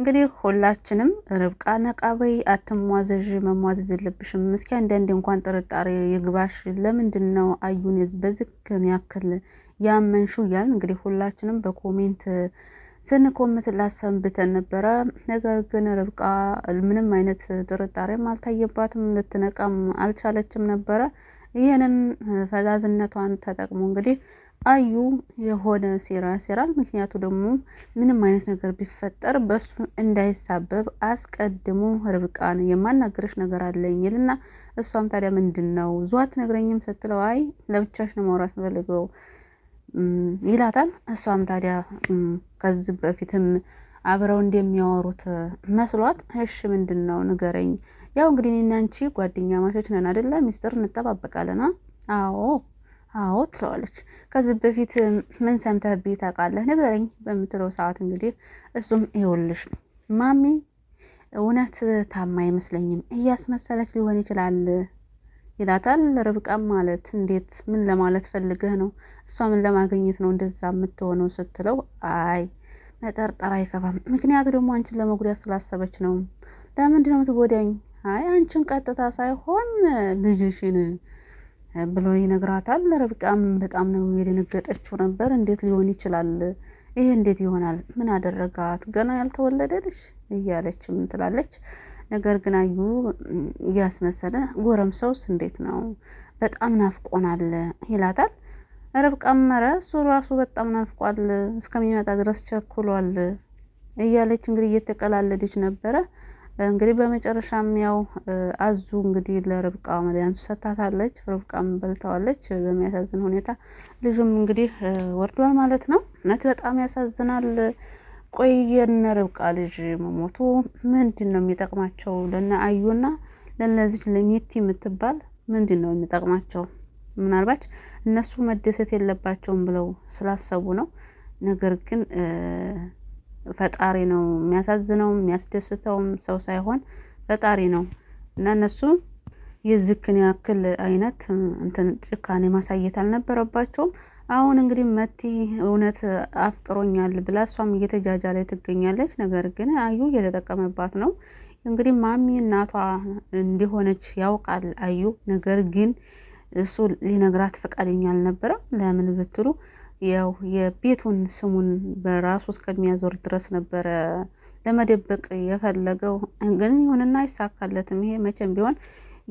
እንግዲህ ሁላችንም ርብቃ ነቃበይ አትሟዘዥ፣ መሟዘዝ የለብሽም። እስኪ አንዳንዴ እንኳን ጥርጣሬ ይግባሽ። ለምንድን ነው አዩን በዝክን ያክል ያመንሹ? እያል እንግዲህ ሁላችንም በኮሜንት ስንኮምት ላሰንብተን ነበረ። ነገር ግን ርብቃ ምንም አይነት ጥርጣሬም አልታየባትም፣ ልትነቃም አልቻለችም ነበረ። ይህንን ፈዛዝነቷን ተጠቅሞ እንግዲህ አዩ የሆነ ሴራ ሴራል። ምክንያቱ ደግሞ ምንም አይነት ነገር ቢፈጠር በሱ እንዳይሳበብ አስቀድሞ ርብቃን የማናገረሽ ነገር አለኝ ይልና እሷም ታዲያ ምንድን ነው ዙ ነግረኝም ስትለው አይ ለብቻሽ ነው ማውራት ፈልገው ይላታል። እሷም ታዲያ ከዚህ በፊትም አብረው እንደሚያወሩት መስሏት እሺ ምንድን ነው ንገረኝ። ያው እንግዲህ እኔና አንቺ ጓደኛ ማቾች ነን አደለ? ሚስጥር እንጠባበቃለና አዎ አዎ ትለዋለች። ከዚህ በፊት ምን ሰምተህብኝ ታውቃለህ ንገረኝ በምትለው ሰዓት እንግዲህ እሱም ይኸውልሽ ማሚ እውነት ታማ አይመስለኝም እያስመሰለች ሊሆን ይችላል ይላታል። ርብቃ ማለት እንዴት ምን ለማለት ፈልገህ ነው? እሷ ምን ለማግኘት ነው እንደዛ የምትሆነው ስትለው አይ መጠርጠር አይከፋም። ምክንያቱ ደግሞ አንቺን ለመጉዳት ስላሰበች ነው። ለምንድን ነው የምትጎዳኝ? አይ አንቺን ቀጥታ ሳይሆን ልጅሽን ብሎ ይነግራታል። ርብቃም በጣም ነው የደነገጠችው ነበር። እንዴት ሊሆን ይችላል? ይሄ እንዴት ይሆናል? ምን አደረጋት? ገና ያልተወለደልሽ እያለችም ትላለች። ነገር ግን አዩ እያስመሰለ ሰውስ እንዴት ነው? በጣም ናፍቆናል ይላታል። ርብቃም ኧረ እሱ ራሱ በጣም ናፍቋል፣ እስከሚመጣ ድረስ ቸኩሏል እያለች እንግዲህ እየተቀላለደች ነበረ። እንግዲህ በመጨረሻም ያው አዙ እንግዲህ ለርብቃ መድኃኒቱ ሰታታለች። ርብቃም በልተዋለች በሚያሳዝን ሁኔታ። ልጁም እንግዲህ ወርዷል ማለት ነው። እውነት በጣም ያሳዝናል። ቆየነ የነ ርብቃ ልጅ መሞቱ ምንድን ነው የሚጠቅማቸው? ለነ አዩና ለነዚች ለሚቲ የምትባል ምንድን ነው የሚጠቅማቸው? ምናልባት እነሱ መደሰት የለባቸውም ብለው ስላሰቡ ነው። ነገር ግን ፈጣሪ ነው የሚያሳዝነውም የሚያስደስተውም ሰው ሳይሆን ፈጣሪ ነው እና እነሱ የዝክን ያክል አይነት እንትን ጭካኔ ማሳየት አልነበረባቸውም። አሁን እንግዲህ መቲ እውነት አፍቅሮኛል ብላ እሷም እየተጃጃ ላይ ትገኛለች። ነገር ግን አዩ እየተጠቀመባት ነው። እንግዲህ ማሚ እናቷ እንዲሆነች ያውቃል አዩ። ነገር ግን እሱ ሊነግራት ፈቃደኛ አልነበረም። ለምን ብትሉ ያው የቤቱን ስሙን በራሱ እስከሚያዞር ድረስ ነበረ ለመደበቅ የፈለገው። ግን ይሁንና አይሳካለትም። ይሄ መቼም ቢሆን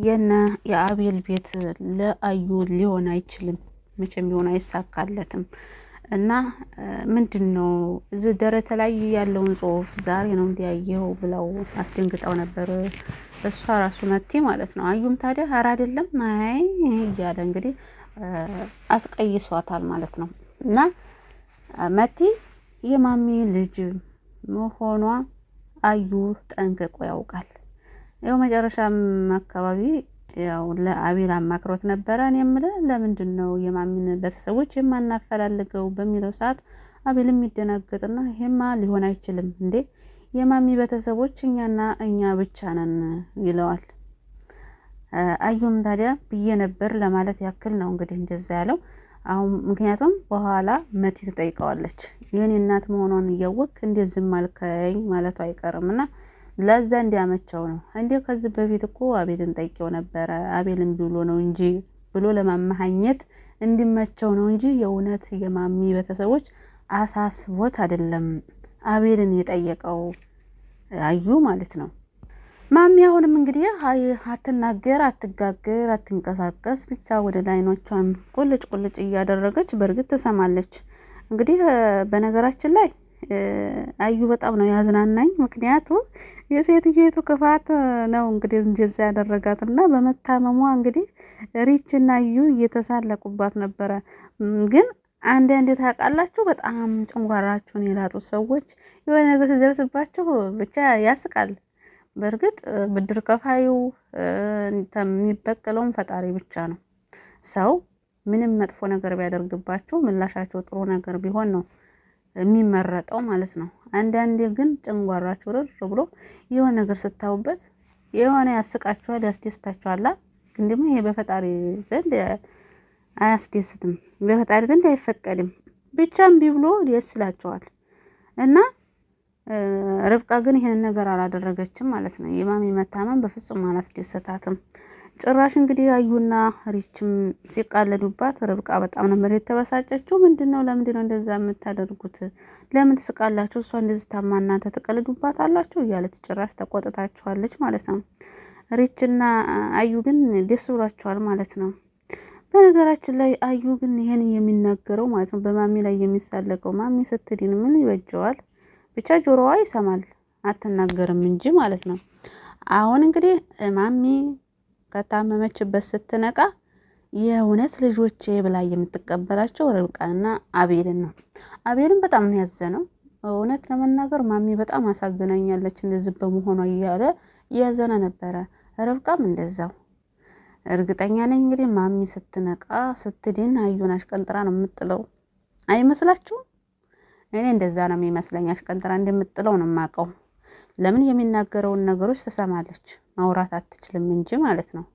የነ የአቤል ቤት ለአዩ ሊሆን አይችልም። መቼም ቢሆን አይሳካለትም። እና ምንድን ነው እዚህ ደረተ ላይ ያለውን ጽሁፍ ዛሬ ነው እንዲያየው ብለው አስደንግጠው ነበር። እሷ ራሱ መቴ ማለት ነው። አዩም ታዲያ አራ አይደለም አይ እያለ እንግዲህ አስቀይሷታል ማለት ነው። እና መቲ የማሚ ልጅ መሆኗ አዩ ጠንቅቆ ያውቃል። ያው መጨረሻም አካባቢ ያው ለአቤል አማክሮት ነበረ። እኔ የምልህ ለምንድን ነው የማሚን ቤተሰቦች የማናፈላልገው በሚለው ሰዓት አቤል የሚደናገጥና ይሄማ ሊሆን አይችልም እንዴ የማሚ ቤተሰቦች እኛና እኛ ብቻ ነን ይለዋል። አዩም ታዲያ ብዬ ነበር ለማለት ያክል ነው እንግዲህ እንደዛ ያለው አሁን ምክንያቱም በኋላ መቲ ትጠይቀዋለች የኔ እናት መሆኗን እያወቅ እንዴ ዝም አልከኝ ማለቱ አይቀርም እና ለዛ እንዲያመቸው ነው። እንዲያው ከዚህ በፊት እኮ አቤልን ጠይቄው ነበረ አቤልን ብሎ ነው እንጂ ብሎ ለማመሀኘት እንዲመቸው ነው እንጂ የእውነት የማሚ ቤተሰቦች አሳስቦት አይደለም አቤልን የጠየቀው አዩ ማለት ነው። ማሚ አሁንም እንግዲህ አትናገር፣ አትጋገር፣ አትንቀሳቀስ ብቻ ወደ ላይኖቿን ቁልጭ ቁልጭ እያደረገች በእርግጥ ትሰማለች። እንግዲህ በነገራችን ላይ አዩ በጣም ነው ያዝናናኝ። ምክንያቱም የሴትዮቱ ክፋት ነው እንግዲህ እንጀዛ ያደረጋት እና በመታመሟ እንግዲህ ሪችና አዩ እየተሳለቁባት ነበረ። ግን አንድ አንድ ታውቃላችሁ፣ በጣም ጭንጓራችሁን የላጡት ሰዎች የሆነ ነገር ሲደርስባችሁ ብቻ ያስቃል። በእርግጥ ብድር ከፋዩ የሚበቀለውን ፈጣሪ ብቻ ነው። ሰው ምንም መጥፎ ነገር ቢያደርግባቸው ምላሻቸው ጥሩ ነገር ቢሆን ነው የሚመረጠው ማለት ነው። አንዳንዴ ግን ጭንጓራችሁ ርር ብሎ የሆነ ነገር ስታዩበት የሆነ ያስቃችኋል፣ ያስደስታችኋላ። ግን ደግሞ ይሄ በፈጣሪ ዘንድ አያስደስትም፣ በፈጣሪ ዘንድ አይፈቀድም። ብቻም ቢብሎ ደስ ይላቸዋል እና ርብቃ ግን ይህንን ነገር አላደረገችም ማለት ነው። የማሚ መታመም በፍጹም አላስደሰታትም። ጭራሽ እንግዲህ አዩና ሪችም ሲቃለዱባት ርብቃ በጣም ነበር የተበሳጨችው። ምንድን ነው ለምንድን ነው እንደዛ የምታደርጉት? ለምን ትስቃላችሁ? እሷ እንደዚህ ታማ እናንተ ትቀልዱባት አላችሁ እያለች ጭራሽ ተቆጥታችኋለች ማለት ነው። ሪችና አዩ ግን ደስ ብሏቸዋል ማለት ነው። በነገራችን ላይ አዩ ግን ይህን የሚናገረው ማለት ነው በማሚ ላይ የሚሳለቀው ማሚ ስትድን ምን ይበጀዋል? ብቻ ጆሮዋ ይሰማል አትናገርም እንጂ ማለት ነው። አሁን እንግዲህ ማሚ ከታመመችበት ስትነቃ የእውነት ልጆቼ ብላ የምትቀበላቸው ርብቃንና አቤልን ነው። አቤልን በጣም ነው ያዘነው። እውነት ለመናገር ማሚ በጣም አሳዝናኛለች እንደዚህ በመሆኗ እያለ እያዘነ ነበረ። ርብቃም እንደዛው እርግጠኛ ነኝ እንግዲህ ማሚ ስትነቃ ስትድን አዩን አሽቀንጥራ ነው የምጥለው አይመስላችሁም? እኔ እንደዛ ነው የሚመስለኝ። አሽቀንጥራ እንደምጥለው ነው የማውቀው። ለምን የሚናገረውን ነገሮች ትሰማለች፣ ማውራት አትችልም እንጂ ማለት ነው።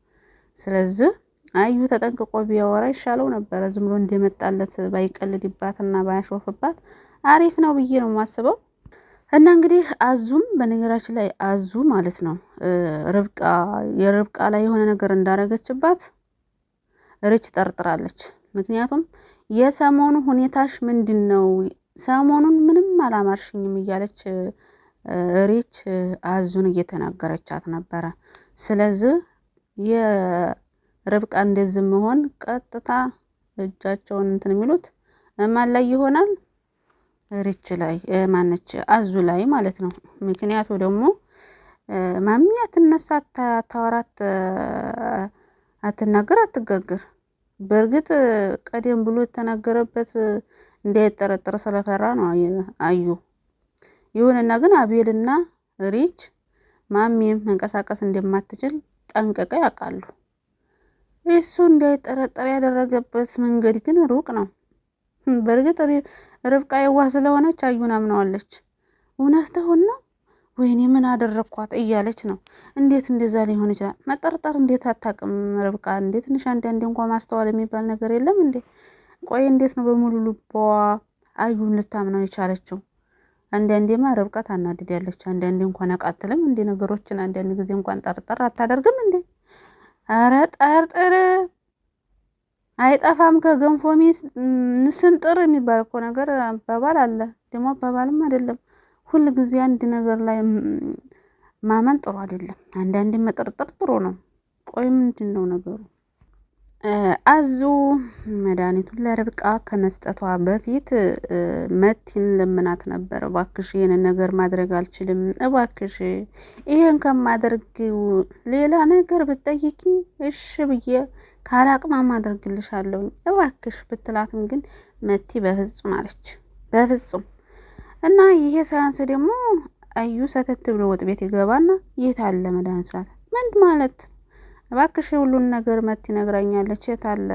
ስለዚህ አዩ ተጠንቅቆ ቢያወራ ይሻለው ነበረ። ዝም ብሎ እንደመጣለት ባይቀልድባትና ባያሾፍባት አሪፍ ነው ብዬ ነው የማስበው። እና እንግዲህ አዙም በነገራችን ላይ አዙ ማለት ነው ርብቃ የርብቃ ላይ የሆነ ነገር እንዳረገችባት ርች ጠርጥራለች። ምክንያቱም የሰሞኑ ሁኔታሽ ምንድን ነው ሰሞኑን ምንም አላማርሽኝም እያለች ሬች አዙን እየተናገረቻት ነበረ። ስለዚህ የርብቃ እንደዚህ መሆን ቀጥታ እጃቸውን እንትን የሚሉት እማን ላይ ይሆናል? ሬች ላይ ማነች? አዙ ላይ ማለት ነው። ምክንያቱ ደግሞ ማሚ አትነሳ፣ አታወራት፣ አትናገር፣ አትጋግር። በእርግጥ ቀደም ብሎ የተናገረበት እንዳይጠረጠር ስለፈራ ነው አዩ። ይሁንና ግን አቤልና ሪች ማሚም መንቀሳቀስ እንደማትችል ጠንቅቀው ያውቃሉ። እሱ እንዳይጠረጠር ያደረገበት መንገድ ግን ሩቅ ነው። በእርግጥ ርብቃ የዋህ ስለሆነች አዩን አምነዋለች። እውነት ተሆን ነው ወይኔ ምን አደረግኳት እያለች ነው። እንዴት እንደዛ ሊሆን ይችላል? መጠርጠር እንዴት አታውቅም ርብቃ? እንዴት ትንሽ አንዳንዴ እንኳ ማስተዋል የሚባል ነገር የለም እንዴ? ቆይ እንዴት ነው በሙሉ ልቧ አዩን ልታምነው የቻለችው? አንዳንዴማ ርብቃ ታናድዳለች። አንዳንዴ እንኳን አቃትልም እንዴ ነገሮችን አንዳንድ ጊዜ እንኳን ጠርጠር አታደርግም እንዴ? አረ ጠርጥር አይጠፋም። ከገንፎ ስንጥር የሚባል እኮ ነገር አባባል አለ። ደግሞ አባባልም አይደለም ሁል ጊዜ አንድ ነገር ላይ ማመን ጥሩ አይደለም። አንዳንዴ መጠርጠር ጥሩ ነው። ቆይ ምንድን ነው ነገሩ? አዙ መድኃኒቱን ለርብቃ ከመስጠቷ በፊት መቲን ለምናት ነበር። እባክሽ ይህንን ነገር ማድረግ አልችልም፣ እባክሽ ይህን ከማደርግው ሌላ ነገር ብትጠይቂኝ እሽ ብዬ ካላቅማማ አለውኝ እባክሽ ብትላትም ግን መቲ በፍጹም አለች፣ በፍጹም እና ይሄ ሳያንስ ደግሞ አዩ ሰተት ብሎ ወጥ ቤት ይገባና የት አለ መድኃኒቱ? ምንድ ማለት እባክሽ ሁሉን ነገር መት ይነግራኛለች የት አለ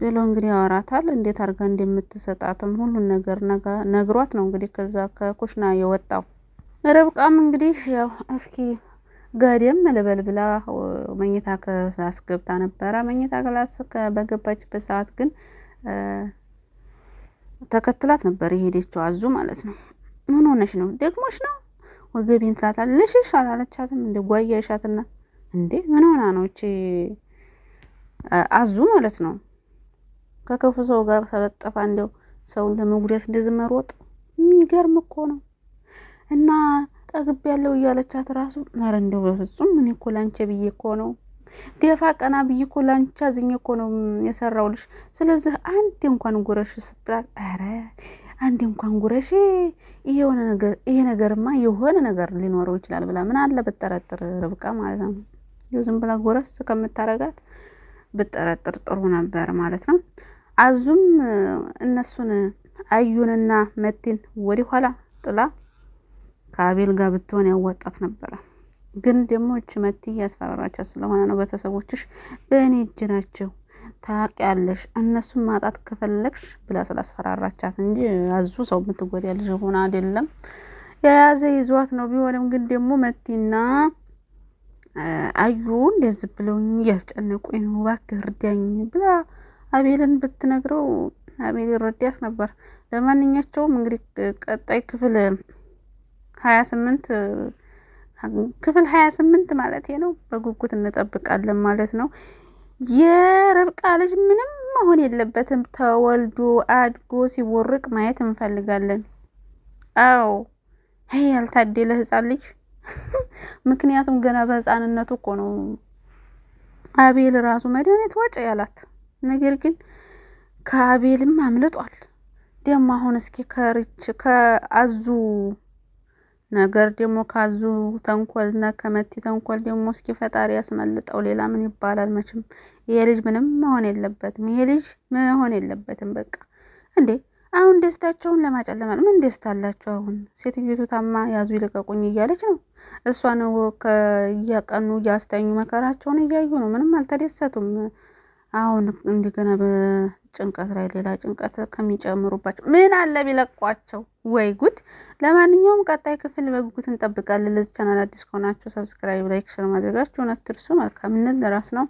ብሎ እንግዲህ ያወራታል። እንዴት አድርጋ እንደምትሰጣትም ሁሉን ነገር ነግሯት ነው እንግዲህ ከዛ ከኩሽና የወጣው። ርብቃም እንግዲህ ያው እስኪ ገደም ልበል ብላ መኝታ ክላስ ገብታ ነበረ። መኝታ ክላስ በገባችበት ሰዓት ግን ተከትላት ነበር የሄደችው አዙ ማለት ነው። ምን ሆነሽ ነው ደግሞሽ ነው ወገቤን ትላታል። ልሽሽ አላለቻትም እንደ ጓያ ይሻትና እንዴ ምን ሆና ነው እቺ አዙ ማለት ነው ከክፉ ሰው ጋር ተለጠፋ እንደው ሰውን ለመጉዳት እንደዚህ መሮጥ የሚገርም እኮ ነው። እና ጠግብ ያለው እያለቻት ራሱ ኧረ እንደው በፍጹም እኔ እኮ ብዬ እኮ ነው ደፋ ቀና ብዬ እኮ ላንቺ አዝኜ እኮ ነው የሰራሁልሽ። ስለዚህ አንዴ እንኳን ጉረሽ ስትላል ኧረ አንዴ እንኳን ጉረሽ ይሄ ነገርማ የሆነ ነገር ሊኖረው ይችላል ብላ ምን አለ ብትጠረጥር ርብቃ ማለት ነው። ዝም ብላ ጎረስ ከምታረጋት ብጠረጥር ጥሩ ነበር ማለት ነው። አዙም እነሱን አዩንና መቲን ወደ ኋላ ጥላ ከአቤል ጋር ብትሆን ያዋጣት ነበረ። ግን ደግሞ እች መቲ እያስፈራራቻት ስለሆነ ነው። ቤተሰቦችሽ በእኔ እጅ ናቸው ታውቂያለሽ፣ እነሱን ማጣት ከፈለግሽ ብላ ስላስፈራራቻት እንጂ አዙ ሰው የምትጎዳ ልጅ ሆና አይደለም። የያዘ ይዟት ነው። ቢሆንም ግን ደግሞ መቲና አዩ እንደዚህ ብለውኝ እያስጨነቁኝ ነው እባክህ እርዳኝ ብላ አቤልን ብትነግረው አቤል ይረዳት ነበር። ለማንኛቸውም እንግዲህ ቀጣይ ክፍል ሀያ ስምንት ክፍል ሀያ ስምንት ማለት ነው በጉጉት እንጠብቃለን ማለት ነው። የርብቃ ልጅ ምንም መሆን የለበትም ተወልዶ አድጎ ሲወርቅ ማየት እንፈልጋለን። አዎ ያልታደለ ህፃን ልጅ ምክንያቱም ገና በህፃንነቱ እኮ ነው አቤል ራሱ መድኃኒት ወጪ ያላት። ነገር ግን ከአቤልም አምልጧል። ደግሞ አሁን እስኪ ከርች ከአዙ ነገር ደግሞ ካዙ ተንኮልና ከመቲ ተንኮል ደግሞ እስኪ ፈጣሪ ያስመልጠው። ሌላ ምን ይባላል? መቼም ይሄ ልጅ ምንም መሆን የለበትም። ይሄ ልጅ መሆን የለበትም። በቃ እንዴ አሁን ደስታቸውን ለማጨለማል ምን ደስታ አላቸው? አሁን ሴትዮቱ ታማ ያዙ ይልቀቁኝ እያለች ነው። እሷ ነው እያቀኑ እያስተኙ መከራቸውን እያዩ ነው። ምንም አልተደሰቱም። አሁን እንደገና በጭንቀት ላይ ሌላ ጭንቀት ከሚጨምሩባቸው ምን አለ ቢለቋቸው? ወይ ጉድ! ለማንኛውም ቀጣይ ክፍል በጉጉት እንጠብቃለን። ለዚህ ቻናል አዲስ ከሆናችሁ ሰብስክራይብ፣ ላይክ፣ ሸር ማድረጋችሁን አትርሱ። መልካምነት ለራስ ነው።